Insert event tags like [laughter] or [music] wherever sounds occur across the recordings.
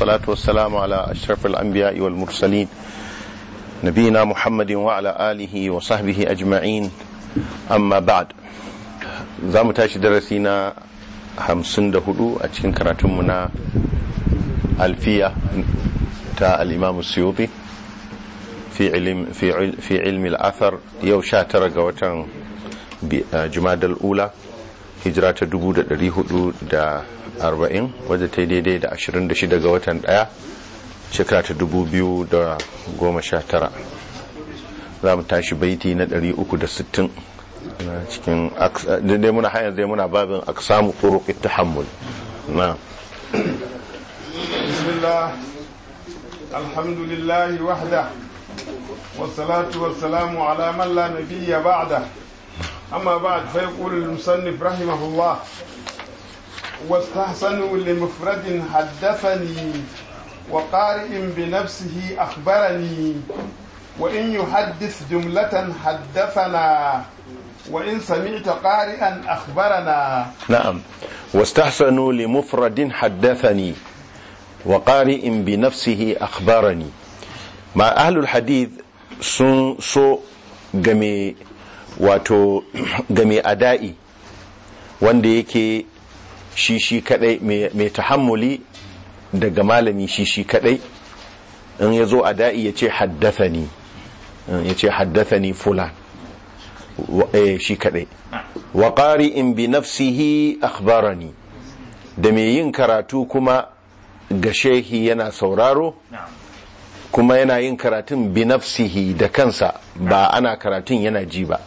والصلاة والسلام على أشرف الأنبياء والمرسلين نبينا محمد وعلى آله وصحبه أجمعين أما بعد زام تاشي درسينا همسن دهدو أتشين كراتمنا ألفية تا الإمام السيوطي في علم في علم في علم الأثر يو شاتر جماد الأولى هجرة دبودة ريهدو دا arba'in wadda ta yi daidai da ashirin da shida ga watan ɗaya shekara ta dubu biyu da goma sha tara za mu tashi baiti na ɗari uku da sittin cikin dai muna hanyar dai muna babin kuro ita hamul na bismillah alhamdulillahi wahda والصلاة والسلام على من لا amma بعده أما بعد فيقول المصنف رحمه واستحسنوا لمفرد حدثني وقارئ بنفسه أخبرني وإن يحدث جملة حدثنا وإن سمعت قارئا أخبرنا نعم واستحسنوا لمفرد حدثني وقارئ بنفسه أخبرني مع أهل الحديث sun so game wato game ada'i wanda yake shi shi kadai mai tahammuli daga malami shi shi kadai in ya zo a da'i ya ce haddathani ya ce haddathani fula eh, shi kadai wa in bi nafsihi akhbarani da mai yin karatu kuma ga shehi yana sauraro kuma yana yin karatun bi nafsihi da kansa ba ana karatun yana ji ba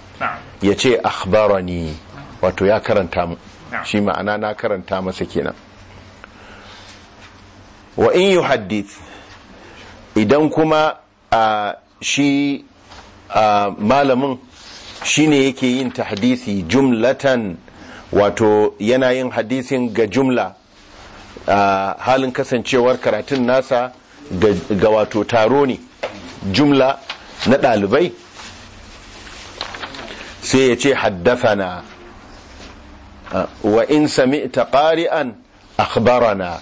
ya ce akhbarani wato ya karanta mu shi ma'ana na karanta masa kenan wa in yi hadith idan kuma shi malamin shi ne yake yin ta tahdisi jumlatan wato yana yin hadisin ga jumla halin kasancewar karatun nasa ga wato taro ne jumla na ɗalibai sai ya ce na wa in sami'ta qari'an akhbarana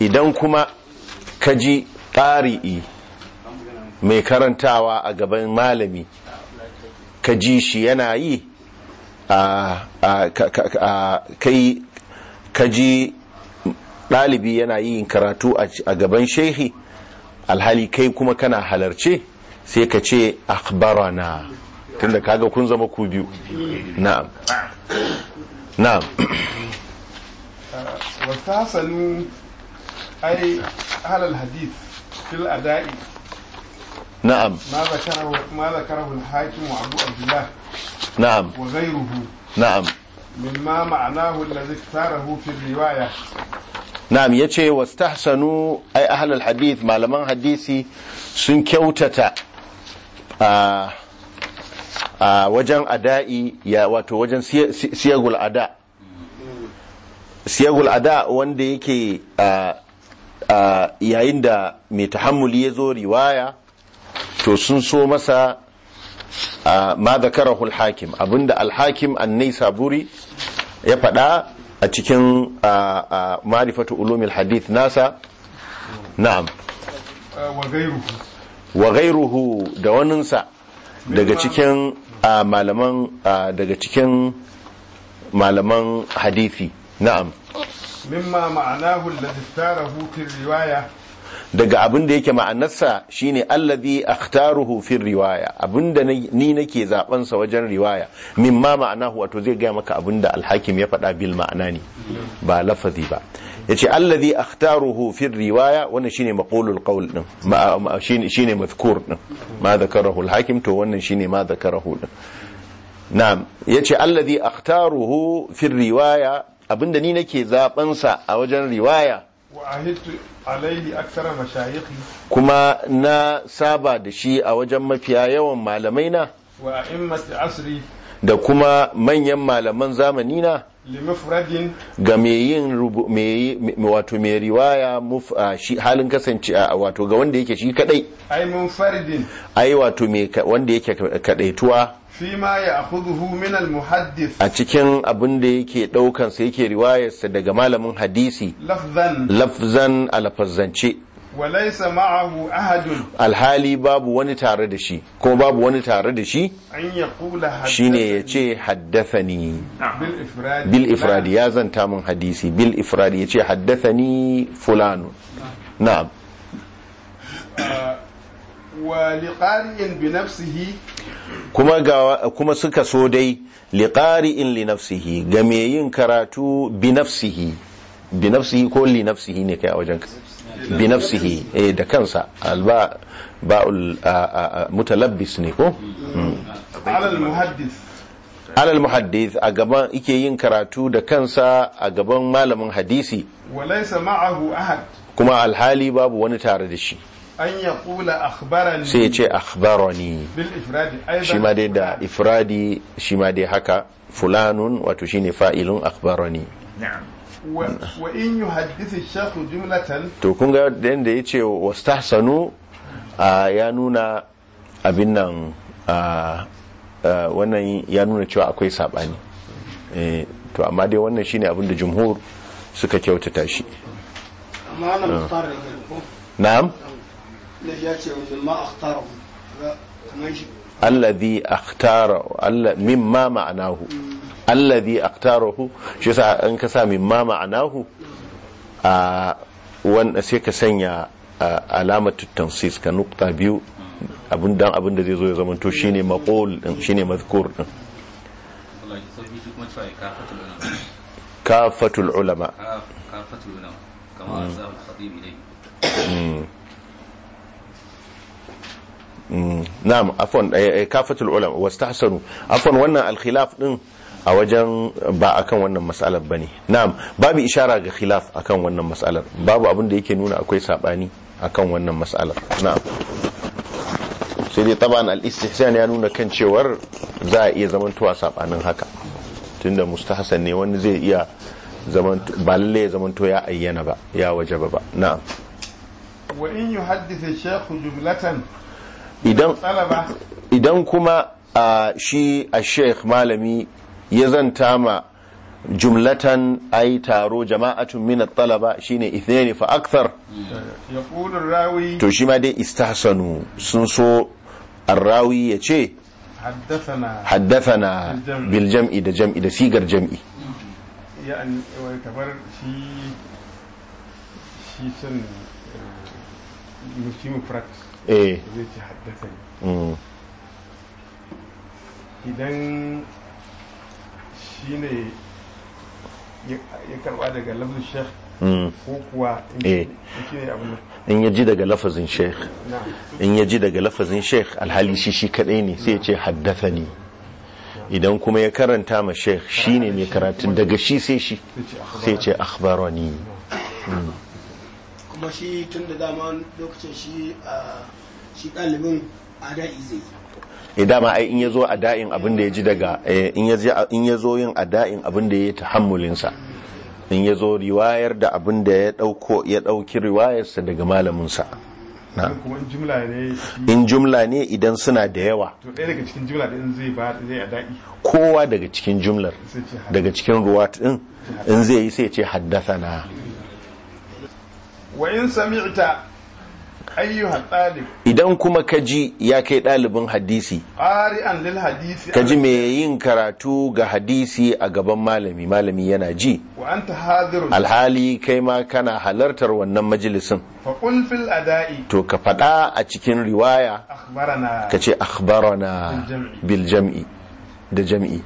idan kuma kaji qari'i mai karantawa a gaban malami kaji shi yana yi kai kaji ɗalibi yana yin karatu a gaban shehi alhali kai kuma kana halarce sai ka ce akhbarana tunda kaga kun zama ku biyu na'am na'am uh, wata hasalu ai halal hadith fil ada'i na'am ma ma al-hakim wa abu abdullah na'am wa ghayruhu na'am mimma ma'anahu alladhi ikhtarahu fi riwaya na'am yace wastahsanu ahlul hadith malaman hadisi sun kyautata uh, a wajen ada'i ya wato wajen siyagul ada siyagul ada wanda yake yayin da mai tahammuli ya zo riwaya to sun so masa ma da al-hakim abinda alhakim an annai saburi ya faɗa a cikin marifatu ulumil hadith nasa na'am wa gairuhu da waninsa daga cikin a malaman daga cikin malaman hadithi na'am mimma ma'anahu alladhi tarahu fi riwaya daga abin da yake ma'anarsa shine alladhi akhtaruhu fi riwaya abinda ni nake zaben sa wajen riwaya mimma ma'anahu wato zai gaya maka abinda alhakim ya faɗa bil ma'ana ne ba lafazi ba Ya ce allazi akhtaruhu fi riwaya wannan shine maqulul qawl din shine shine mazkur din ma zakarahu al-hakim to wannan shine ma zakarahu din na'am yace allazi akhtaruhu fi riwaya abinda ni nake zaben sa a wajen riwaya kuma na saba da shi a wajen mafiya yawan malamai na da kuma manyan malaman zamani na ga me yin wato me riwaya halin kasance wato ga wanda yake shi kadai ai wato wanda yake kadaituwa fima ya akhudhu min al a cikin abin da yake daukan sa yake riwayarsa daga malamin hadisi lafzan lafzan alfazzance walaisa ma'ahu ahadun alhali babu wani tare da shi ko babu wani tare da shi an ya kula shine ya ce haddathani bil ifradi ya zanta min hadisi bil ifradi ya ce haddathani fulanu na uh, bi nafsihi kuma ga kuma suka so dai in li nafsihi ga yin karatu bi nafsihi bi nafsihi ko li nafsihi ne kai a wajen bi nafsihi eh da kansa alba ba'ul mutalabbis ne ko hmm. alal muhaddis alal muhaddis a gaban yake yin karatu da kansa a gaban malamin hadisi walaysa ma'ahu ahad kuma alhali babu wani tare da shi an ya kula akhbarani sai ya ce akhbarani shi ma dai da ifradi shi ma dai haka fulanun wato shine fa'ilun akhbarani wa in yuhaddithu shakhu jumlatan to kun ga yadda ya yace wastahsanu ya nuna abin nan wannan ya nuna cewa akwai sabani eh, to amma dai wannan shine abin da jumhur suka kyautata shi ah. na'am alladhi akhtara mimma ma'anahu hmm. alladhi aqtarahu shi yasa an ka sa mimma ma'anahu a wanda sai ka sanya alamar tansis ka nukta biyu abin dan abin da zai zo ya zama to shine maqul din shine mazkur din kafatul ulama kafatul ulama kama za mu mm. khatib ilayhi na'am afwan eh, eh, kafatul ulama wastahsanu afwan wannan alkhilaf din a wajen ba akan wannan matsalar bane na'am babu ishara ga khilaf akan wannan matsalar babu abin da yake nuna akwai sabani akan wannan matsalar na'am sai dai taba al-istihsan ya nuna kan cewar za a iya zamantowa sabanin haka tunda mustahsan ne wani zai iya zaman ba lalle ya zamanto ya ayyana ba ya wajaba ba na'am wa in jumlatan idan idan kuma shi a sheikh malami ya zanta ma jumlatan ai taro jama'atun min at-talaba shine ithnaini fa akthar yaqulu rawi to shi ma dai istahsanu sun so ar-rawi yace haddathana haddathana bil jam'i da jam'i da sigar jam'i yani kamar shi shi sun eh, eh. zai haddathani mm. idan ya karba daga sheikh hmm. ko kuwa eh. in ya ji daga lafazin sheikh in ya ji daga lafazin sheikh alhali shi shi kadai ne sai ya ce haddasa ne idan kuma ya karanta ma sheikh shi ne mai karatun daga shi sai shi sai ce ne hmm. kuma shi tun da dama lokacin shi ah, ɗalibin adai zai Eh, dama ai in ya zo a da'in abin da ya ji daga eh, in ya zo yin a da'in abin da ya yi hamulinsa in ya zo riwayar da abin da ya dauko ya ɗauki riwayarsa daga malaminsa in jumla ne idan suna da yawa kowa daga cikin jumlar daga cikin ruwat din in zai yi sai ce haddasa na wa in sami'ta ayyuhan ɗalib idan kuma kaji ya kai ɗalibin hadisi ka ji mai yin karatu ga hadisi a gaban malami malami yana ji alhali kai ma kana halartar wannan majalisin to ka faɗa a cikin riwaya ka ce akhbarana bil jam'i da jam'i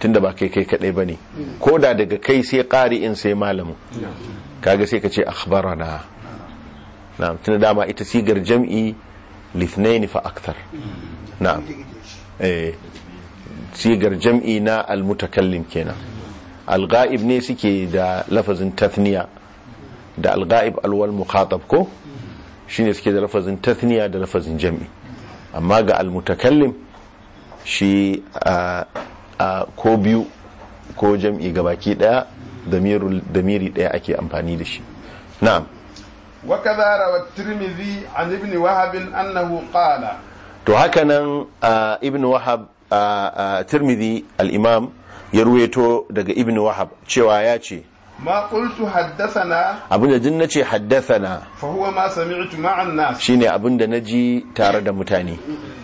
tunda ba kai kai kaɗai ba ne ko da daga kai sai in sai malamin kaga sai ka ce akhbarana na tunda dama ita sigar jam'i لاثنين فأكثر نعم إيه sigar jam'i na almutakallim kenan alga'ib ne suke da lafazin tathniya da alga'ib alwal mukhatab ko shine suke da lafazin tathniya da lafazin jam'i amma ga almutakallim shi ko biyu ko jam'i gabaki daya damiri daya ake amfani da shi na'am وكذا روى الترمذي عن ابن وهب أنه قال to hakanan ibn wahab tirmidhi al'imam ya ruweto daga ibn wahab cewa ya ce ma qultu haddathana abinda din nace haddathana fa huwa ma sami'tu ma'an nas shine abinda naji tare da mutane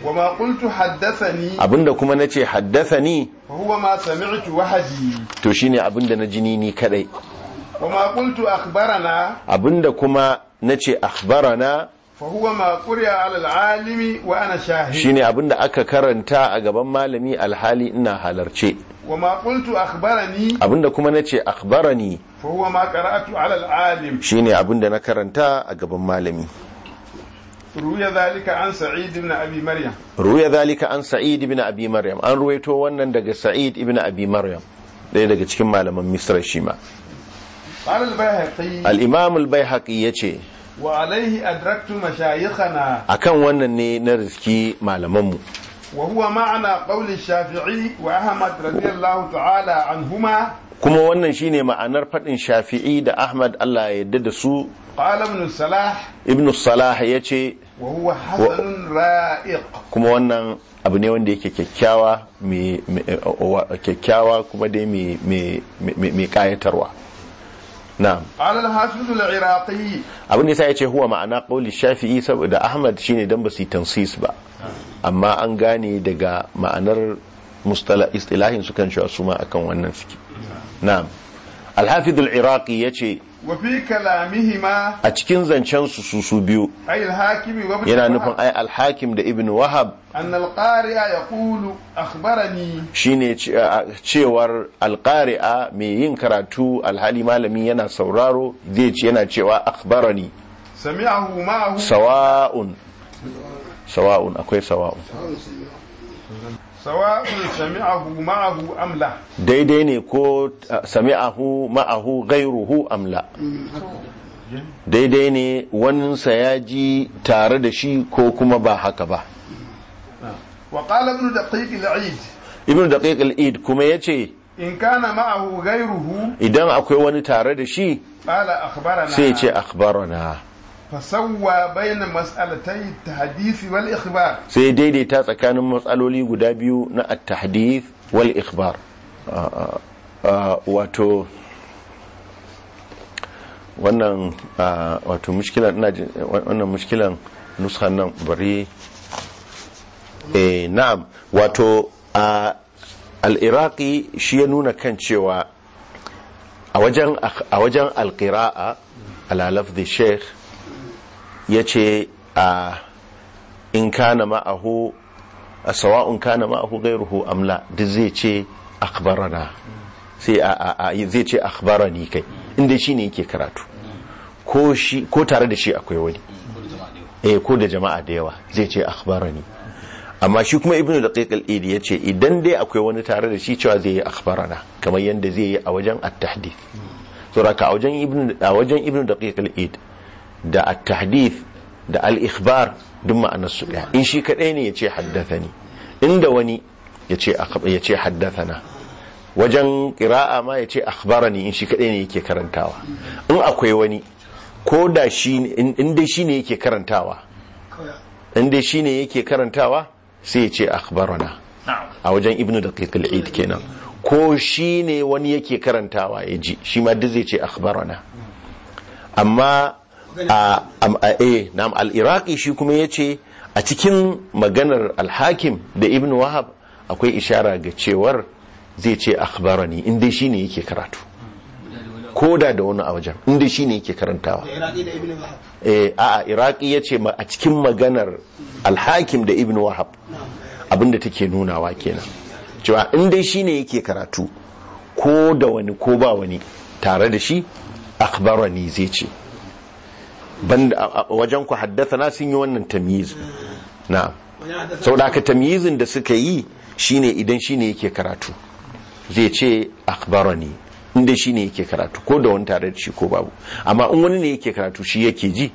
wa ma qultu haddathani abinda kuma nace haddathani fa huwa ma sami'tu wahdi to shine abinda naji ni ni kadai wa ma qultu akhbarana kuma nace akhbarana fahuwa ma ƙuriya al'alimi wa ana shahid shine abinda aka karanta a gaban malami alhali ina halarce wa ma qultu akhbarani abinda kuma nace akhbarani fahuwa ma qara'atu ala al'alim shine abinda na karanta a gaban malami ruya zalika an sa'id ibn abi maryam ruya zalika an sa'id ibn abi maryam an ruwaito wannan daga sa'id ibn abi maryam ɗaya daga cikin malaman misra shi ma al-imam al-baihaqi yace wa alaihi adraktu mashayikhana akan wannan ne na riski malamanmu wa huwa ma'ana qawli shafi'i wa ahmad radiyallahu ta'ala anhuma kuma wannan shine ma'anar faɗin shafi'i da ahmad Allah ya yadda da su qala salah ibn salah yace wa huwa hasanun ra'iq kuma wannan abu ne wanda yake kyakkyawa kyakkyawa kuma dai mai kayatarwa abin da ya ce huwa ma'ana qawli shafi'i saboda ahmad shine dan basu tansis ba amma an gane daga ma'anar mustala istilahin su kan cewa su ma akan wannan suke na'am al hafizul iraqi wafi a cikin zancen su su su biyu yana nufin ai alhakim da ibn wahab an alqari'a yaqulu Shi shine cewar alqari'a mai yin karatu alhali malami yana sauraro zai ce yana cewa akhbarani sami'ahu sawa'un sawa'un akwai sawa'un sawa'un sami'ahu ma'ahu amla daidai ne ko sami'ahu ma'ahu gairuhu amla daidai ne wannan ji tare da shi ko kuma ba haka ba wa qala ibn daqiq al-eid ibn daqiq al-eid kuma yace in kana ma'ahu gairuhu idan akwai wani tare da shi sai ce akhbarana fasawwa bayanin mas'alatai tahdisi wal ikhbar sai daidaita tsakanin matsaloli guda biyu na at wal ikhbar wato wannan wato mushkilan ina wannan mushkilan nuskan nan bari eh na'am wato al-iraqi shi ya nuna kan cewa a wajen a wajen al-qira'a ala lafzi sheikh ya ce a in kana ma'ahu a sawa'un kana ma'ahu gairuhu amla duk zai ce akbarana sai a zai ce akbarani kai inda shi ne yake karatu ko shi ko tare da shi akwai wani eh ko da jama'a da yawa zai ce akbarani amma shi kuma ibnu kai kalidi ya ce idan dai akwai wani tare da shi cewa zai yi akbarana kamar yadda zai yi a wajen at-tahdith saboda a wajen a wajen ibnu da al-id da at-tahdith da al-ikhbar duk ma'anarsu ɗaya in shi kaɗai ne ya ce haddathani inda wani ya ce haddathana wajen ƙira'a ma ya ce akhbarani in shi kaɗai ne yake karantawa in akwai wani ko da shi in dai shi ne yake karantawa in dai shi ne yake karantawa sai ya ce akhbarana a wajen ibnu da al-eid kenan ko shi ne wani yake karantawa ya ji shi ma duk zai ce akhbarana amma a eh nam al-iraqi shi kuma ya ce a cikin maganar Alhakim da ibn wahab akwai ishara ga cewar zai ce akhbarani in dai ne yake karatu Ko da da wani a wajen in dai ne yake karantawa eh a iraqi ce a cikin maganar al-hakim da ibn wahab abinda take nunawa kenan cewa in dai ne yake karatu ko da wani ko ba wani tare da shi akhbarani zai ce wajen ku haddathana sun yi wannan tamyiz na saboda aka tamyizin da suka yi shine idan shine yake karatu zai ce akhbarani inda shine yake karatu ko da wani tare da shi ko babu amma in wani ne yake karatu shi yake ji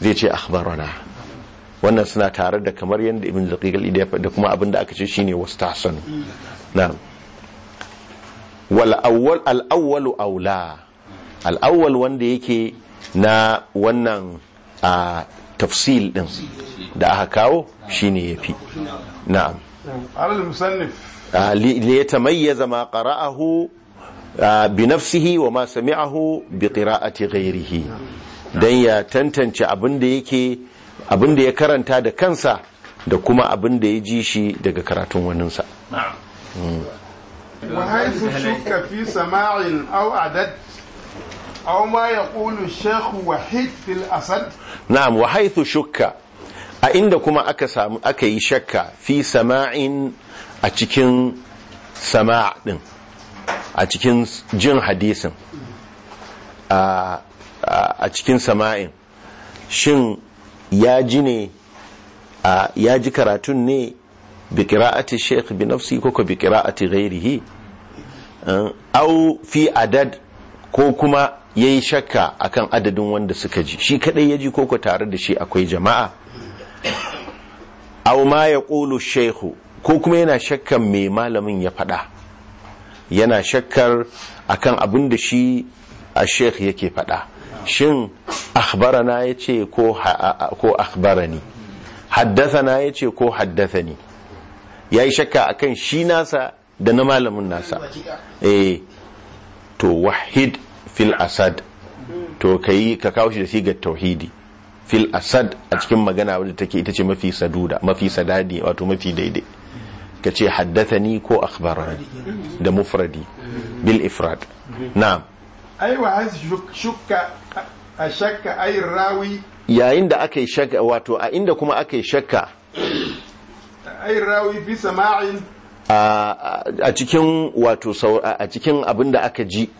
zai ce akhbarana wannan suna tare da kamar yadda ibn zaqiqal ya da kuma abin da aka ce shine wastahsan na'am wal awwal al awwal aula al awwal wanda yake na wannan a tafsil din da aka kawo shine yafi na'am alal musannif li yatamayyaza ma qara'ahu bi nafsihi wa ma sami'ahu bi qira'ati ghayrihi dan ya tantance abin da yake abin da ya karanta da kansa da kuma abin da ya ji shi daga karatun waninsa na'am mm. wa haythu shukka fi sama'in aw adad aw ma na'am wa haythu shukka a inda kuma aka samu aka yi shakka fi sama'in a cikin sama' a cikin jin hadisin a cikin sama'in shin ya ji karatun ne bi qira'ati shaykh bi nafsi ko bi qira'ati au fi adad ko kuma ya yi shakka akan adadin wanda suka ji shi kadai ya ji koko tare da shi akwai jama'a Auma ma ya ƙulu shehu ko kuma yana shakkan me malamin ya faɗa yana shakkar akan abin da shi a shehu yake faɗa shin akhbarana ya ce ko akhbarani haddathana ya ce ko haddathani ya yi shakka akan shi nasa da na malamin nasa eh to wahid fil asad to kai ka kawo shi da ga tauhidi fil asad a cikin magana wadda take ita ce mafi saduda mafi sadadi wato mafi daidai ka ce haddathani ko akhbarani da mufradi bil ifrad na'am aiwa shukka a shakka ayin rawi yayin da aka yi shakka wato a inda kuma aka yi shakka ayin rawi bisa sama'in a cikin wato a cikin abin da aka ji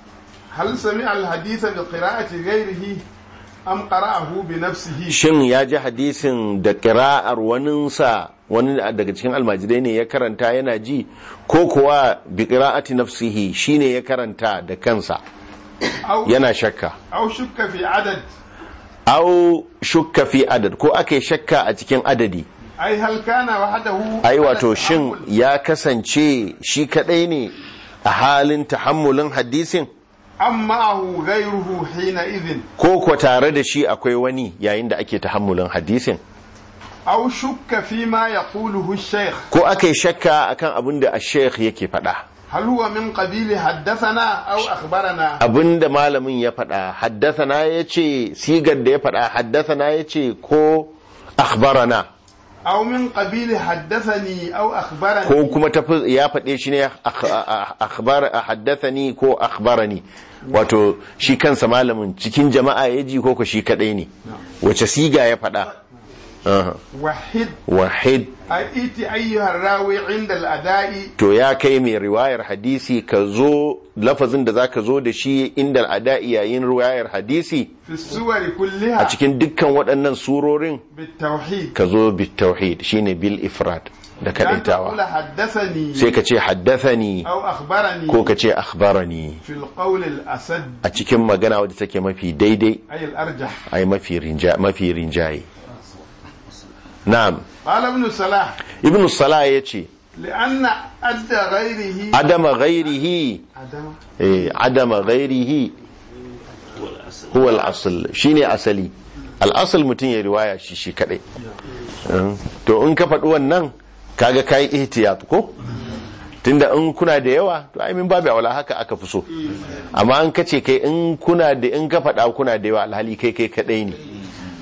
hal sami alhadisa bi qira'ati ghairihi am qara'ahu bi nafsihi shin ya ji hadisin da qira'ar wani daga cikin almajirai ne ya karanta yana ji ko kuwa bi qira'ati nafsihi shine ya karanta da kansa yana shakka au shukka fi adad au shukka fi adad ko ake shakka a cikin adadi ai kana wahdahu ai wato shin ya kasance shi kadai ne a halin tahammulin hadisin amma gairuhu, hina izin ko ko tare da shi akwai wani yayin da ake tahammulin hadisin aw shukka fi ma yaquluhu shaykh ko akai shakka akan abin da yake faɗa hal huwa min qabili haddathana aw akhbarana abinda malamin ya faɗa haddathana yace sigar da ya faɗa haddathana yace ko akhbarana aw min qabil haddathani aw akhbarani ko kuma ya faɗe shi ne akhbar haddathani ko akhbarani wato shi kansa malamin cikin jama'a ya ji ko ko shi kadai ne wace siga ya faɗa wahid wahid iti ayyuhar rawi inda al'ada'i to ya kai mai riwayar hadisi ka zo lafazin da zaka zo da shi inda al'ada'i yayin riwayar hadisi a cikin dukkan waɗannan surorin ka zo bi tauhid shine bil ifrad da kaɗaitawa sai ka ce haddathani ko ka ce akhbarani a cikin magana wadda take mafi daidai ai mafi rinjaye na'am qala ibn salah ibn salah yace li'anna adda ghairihi adama ghairihi adama eh adama ghairihi huwa al Shi ne asali Al'asal mutum ya riwaya shi shi kaɗai. Hmm. to in ka faɗi wannan ka ga kaga kai ya ko tunda in kuna da yawa to ai min babu aula haka aka fi so amma an kace kai in kuna da in ka faɗa kuna da yawa alhali kai kai kaɗai ne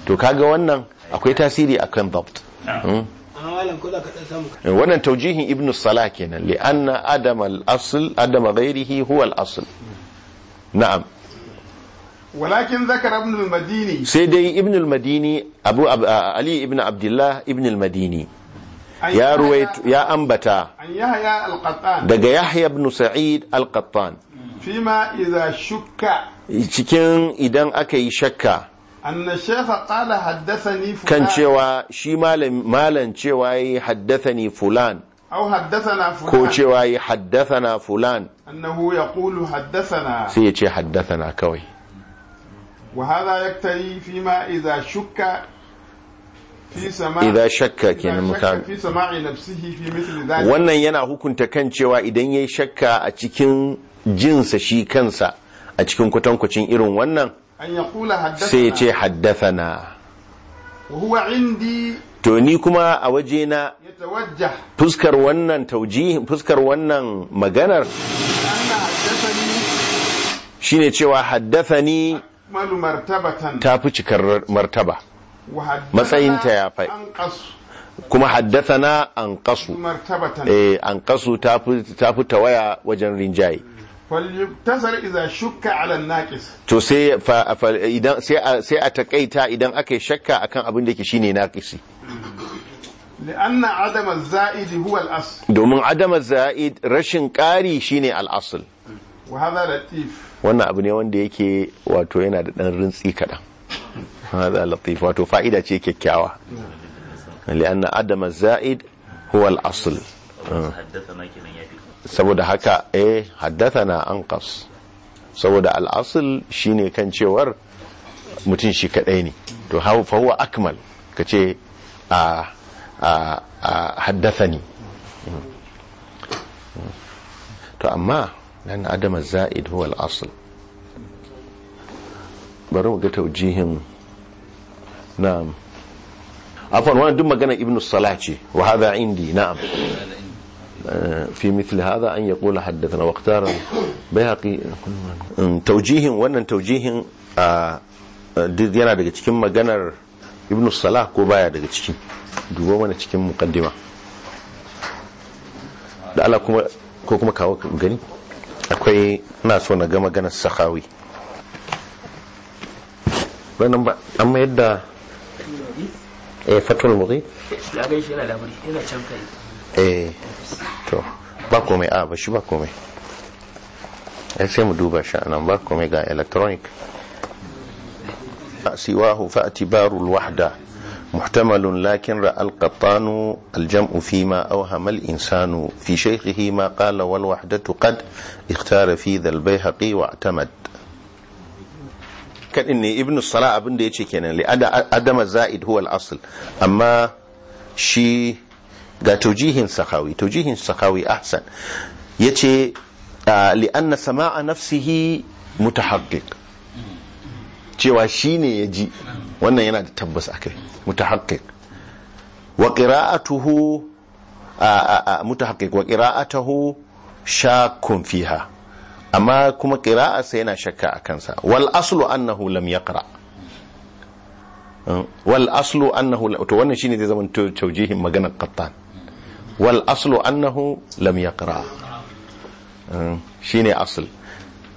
to ka ga wannan akwai tasiri a kan dabt hmm? eh, wannan taujihin ibn salah kenan li anna adam al-asl adam ghairihi huwa al-asl na'am walakin zakara ibn al-madini sai dai ibn al-madini abu ali ibn abdullah ibn al-madini ya ruwaito ya ambata daga yahya ibn sa'id al-qattan fima idza shukka cikin idan aka yi shakka kan cewa shi malan cewa yi haddathani fulan ko cewa yi haddathana fulan sai ya ce haddathana kawai وهذا ya فيما إذا شك في سماع إذا شك kenan mutan wannan yana hukunta kan cewa idan ya shakka a cikin jinsa shi kansa a cikin kwatankwacin irin wannan sai ce haddathana huwa indi to ni kuma a waje na fuskar wannan tauji fuskar wannan maganar shine cewa haddathani ta fi cikar martaba matsayinta ya fai kuma haddathana an kasu an kasu ta fi tawaya wajen rinjaye falyuktasar idza shukka sai a takaita idan aka shakka akan abin da ke shine naqisi li'anna adam az-za'id huwa al domin adam zaid rashin ƙari shine al-asl wa latif wannan abu ne wanda yake yana da dan rintsi kadan wato fa'ida ce kyakkyawa li'anna zaid حدثنا saboda haka eh haddathana anqas saboda al'asul shine kan cewar mutum shi kadai ne to fa huwa akmal kace a a haddathani to amma nan adam zaid huwa al'asul bari mu ga taujihin na'am afwan wannan duk magana ibnu salah ce wa hadha indi na'am fi mithl hadha an yaqula haddathana wa ikhtara bayhaqi tawjihin wannan tawjihin duk yana daga cikin maganar ibn salah ko baya daga ciki dubo mana cikin muqaddima da Allah kuma ko kuma kawo gani akwai na so na ga maganar sahawi an ba amma yadda eh eh to ba kome a ba kome eh, ya sai mu duba shi ba kome ga electronic siwa hu fa atibaru alwahda muhtamal lakin ra alqatanu aljam'u fi ma awham alinsanu fi shaykhihi ma qala wal wahdatu qad ikhtara fi dhal bayhaqi wa atamad kadin ne ibnu salah abinda yace kenan li adama zaid huwa alasl amma shi ga tujihin sahawi tujihin sahawi ahsan yace ah, li'anna sama'a nafsihi mutahaqqiq cewa shine ya ji wannan yana da tabbas a kai mutahaqqiq wa qira'atuhu mutahaqqiq wa qira'atuhu shakkun fiha amma kuma qira'arsa yana shakka a kansa wal aslu annahu lam yaqra hmm? wal aslu annahu to wannan shine zai zama taujihin maganar qattan wal aslu annahu lam yaqra hmm, shine asl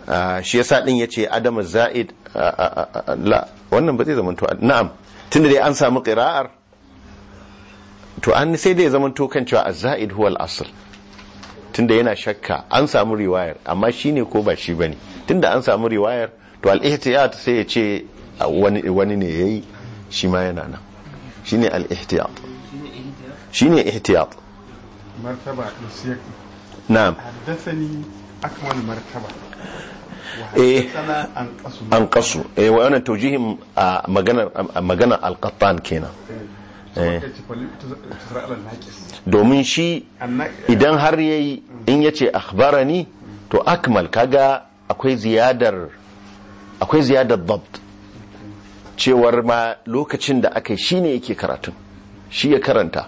ah, shi yasa din yace adam zaid ah, ah, la wannan ba zai zama to na'am tunda dai an samu qira'ar to an sai dai zama to kan cewa a zaid huwa al-asl tunda yana shakka an samu riwayar amma shine ko ba shi bane tunda an samu riwayar to al-ihtiyat sai ya ce wani wani ne yayi shi ma yana nan shine al-ihtiyat shine ihtiyat martaba ɗin an kasu eh. eh wannan taujihin a maganar kenan eh. Eh. domin shi idan har yayi in yace akhbarani to akmal kaga akwai ziyadar akwai ziyadar dabt cewar ma lokacin da aka yi shine yake karatun shi ya karanta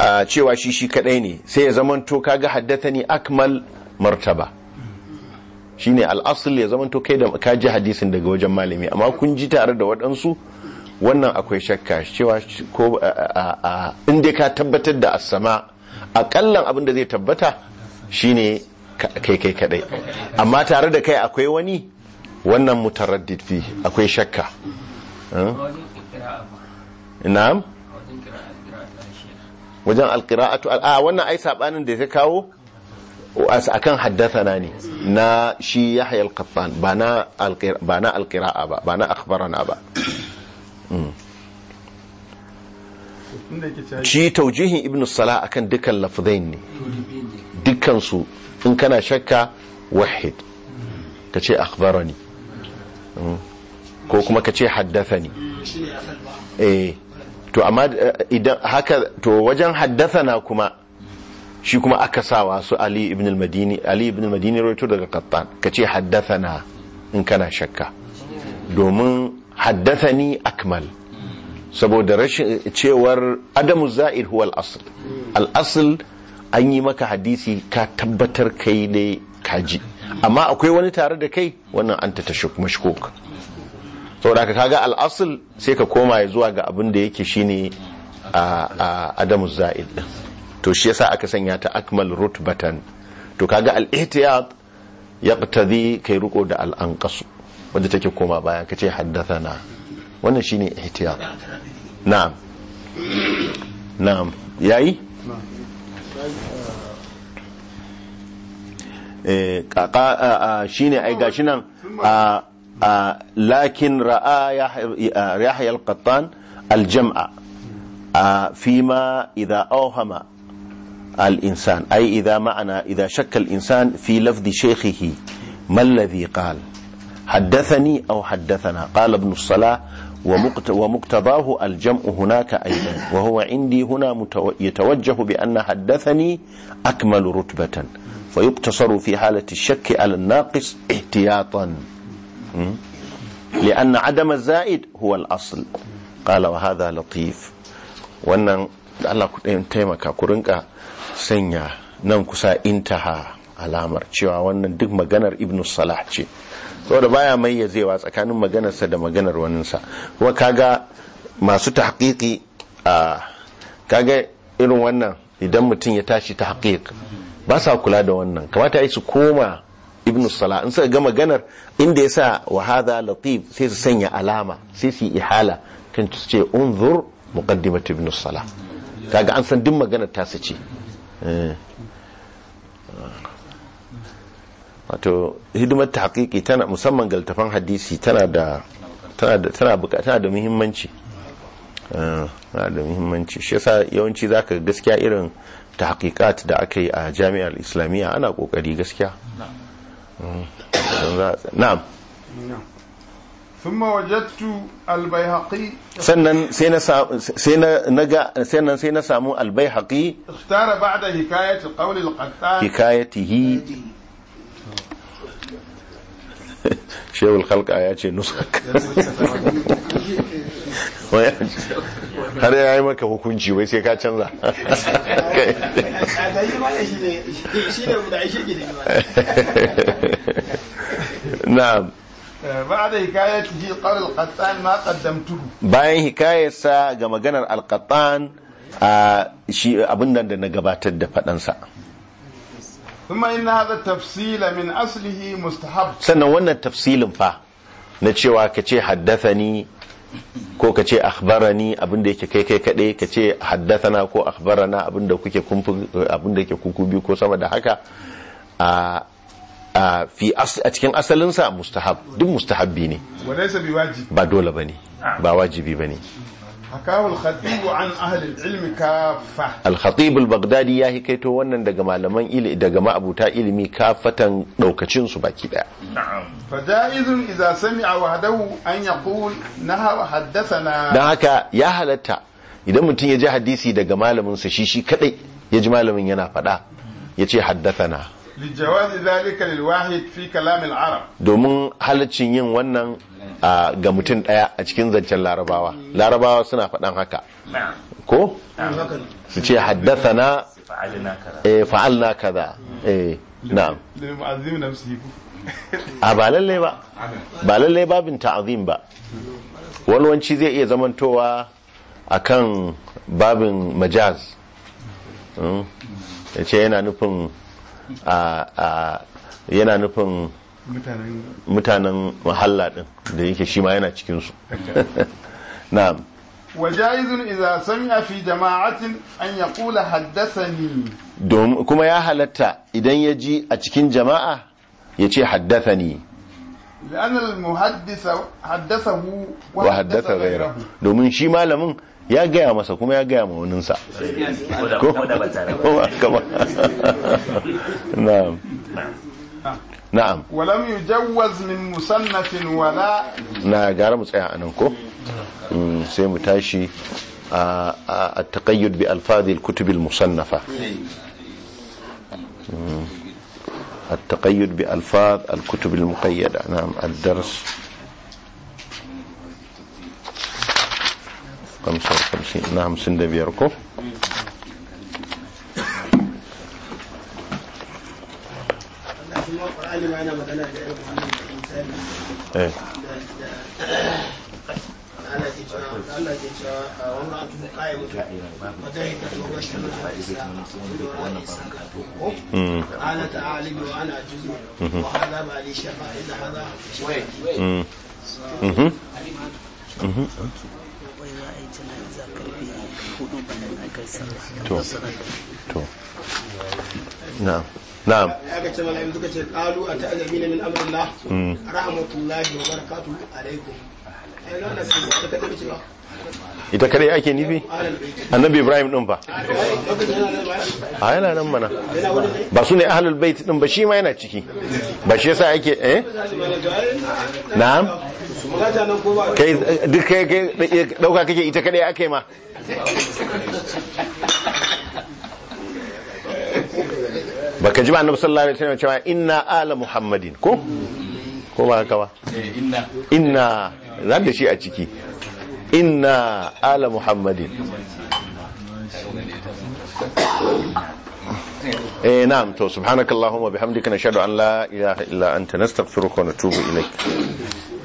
A cewa shi shi kadai ne sai ya zamanto kaga ni akmal martaba shi ne al'asul ya zamanto kai da ka ji hadisin daga wajen malami amma kun ji tare da waɗansu wannan akwai shakka cewa ko inda ka tabbatar da asama akallan abin da zai tabbata shi ne kai kai kadai amma tare da kai akwai wani wannan mutaraddid akwai shakka na'am wajen alqira'atu a wannan ai sabanin da ya kawo akan haddathana ne na shi ya al-Qattan ba na ba na ba ba na akhbarana ba hmm. shi taujihin ibn salah akan dukkan lafzain ne dukkansu in kana shakka wahid ce akhbarani hmm. ko kuma kace haddathani eh to amma eh, idan haka to wajen haddathana kuma shi kuma aka sawa su Ali ibn al-Madini Ali ibn al-Madini rawaito daga Qattan kace haddathana in kana shakka domin haddasa ni akmal saboda rashin cewar adamu za'ir huwa al-asl an yi maka hadisi ka tabbatar kai ne kaji amma akwai wani tare da kai wannan anta tashuk mashkuk saboda ka ga al'asul sai ka koma zuwa ga abin da yake shine a adamu za'id din to shi yasa aka sanya ta akmal rutbatan to kaga al ta yaqtadi kai riko da al'anƙasu wadda take koma baya kace na wannan shine ihtiyat na'am na'am yayi eh kaka shine ai gashi nan آه، لكن رأى يحيى آه، القطان الجمع آه، فيما إذا أوهم الإنسان أي إذا معنى إذا شك الإنسان في لفظ شيخه ما الذي قال حدثني أو حدثنا قال ابن الصلاه ومقتضاه الجمع هناك أيضا وهو عندي هنا يتوجه بأن حدثني أكمل رتبة فيقتصر في حالة الشك على الناقص احتياطا Hmm? لأن عدم الزائد هو الأصل قال وهذا wannan Allah ku ɗayan taimaka ku rinka sanya nan kusa intaha alamar cewa wannan duk maganar ibnu salah ce saboda baya mayyazewa tsakanin maganarsa da maganar waninsa kuma kaga masu tahqiqi a kaga irin wannan idan mutum ya tashi tahqiq ba sa kula da wannan kamata yi su koma ibn salah in suka ga maganar inda ya sa wa hadha latif sai su sanya alama sai su ihala kan su ce unzur muqaddimat ibn salah kaga an san din maganar ta su ce eh. wato hidimar ta hakiki tana musamman galtafan hadisi tana da tana da muhimmanci eh, tana da muhimmanci shi yasa yawanci zaka gaskiya irin ta hakikat da aka yi a jami'ar islamiyya ana kokari gaskiya na'am sannan sai na sai na na samu al-bayhaqi ikhtara ba'da hikayati al-qattan ya ce nusak har ya yi maka hukunci wai sai ka canza na'am ba'da hikayatihi al-qattan ma qaddamtuhu bayan hikayarsa ga maganar al-qattan shi abin da na gabatar da faɗansa. kuma inna hadha tafsila min aslihi mustahab sannan wannan tafsilin fa na cewa kace haddathani ko ka ce akhbarani abinda yake kai kai kaɗai ka ce haddathana ko akhbarana abinda kuke abinda yake kuku biyu ko sama da haka a a cikin asalinsa mustahab duk mustahabbi ne ba dole ba ne ah. ba wajibi ba ne al-khatib al-baghdadi ya hikaito wannan daga malaman ilimi daga ma'abuta ilimi kafatan daukacin su baki daya fajaizun idza sami'a wahdahu an yaqul naha haddathana dan haka ya halatta idan mutum ya ji hadisi daga malamin sa shi shi kadai ya ji malamin yana fada yace haddathana لجواز ذلك للواحد في كلام العرب domin halaccin yin wannan ga mutum daya a cikin zancen larabawa larabawa suna fadan haka Na'am. ko su ce haddathana eh fa'alna kaza eh na'am limu'azzim nafsihi a ba lalle ba ba lalle babin ta'azim ba walwanci zai iya zamantowa akan babin majaz ya ce yana nufin yana nufin mutanen mahalla din da yake shi ma yana cikinsu [laughs] na'am iza sami sami'a fi jama'atin an ya kula dom kuma ya halatta idan ya ji a cikin jama'a ya ce haddathani haddasa hu wa haddasa غيره domin shi malamin ya gaya masa kuma ya gaya mauninsa ko ba [laughs] na'am na'am walam jawaz min musannatin wala na gara mu tsaya anan ko mm, sai mu tashi a taqayyud bi alfadhi alkutub almusannafa التقيد بألفاظ الكتب المقيدة نعم الدرس 55 نعم سند بيركو ايه التي وامرأته قائمة Ita to ake nufi annabi ibrahim din ba a yana nan mana ba su ne ahalul bait din ba shi ma yana ciki ba shi yasa ake eh na'am kai duk kai dauka kake ita kadai aka ma baka ji ba annabi sallallahu alaihi wasallam cewa inna ala muhammadin ko ko ba haka ba inna inna zan da shi a ciki inna ala muhammadin eh na'am to subhanakallahumma bihamdika nashhadu an la ilaha illa anta nastaghfiruka wa natubu ilaik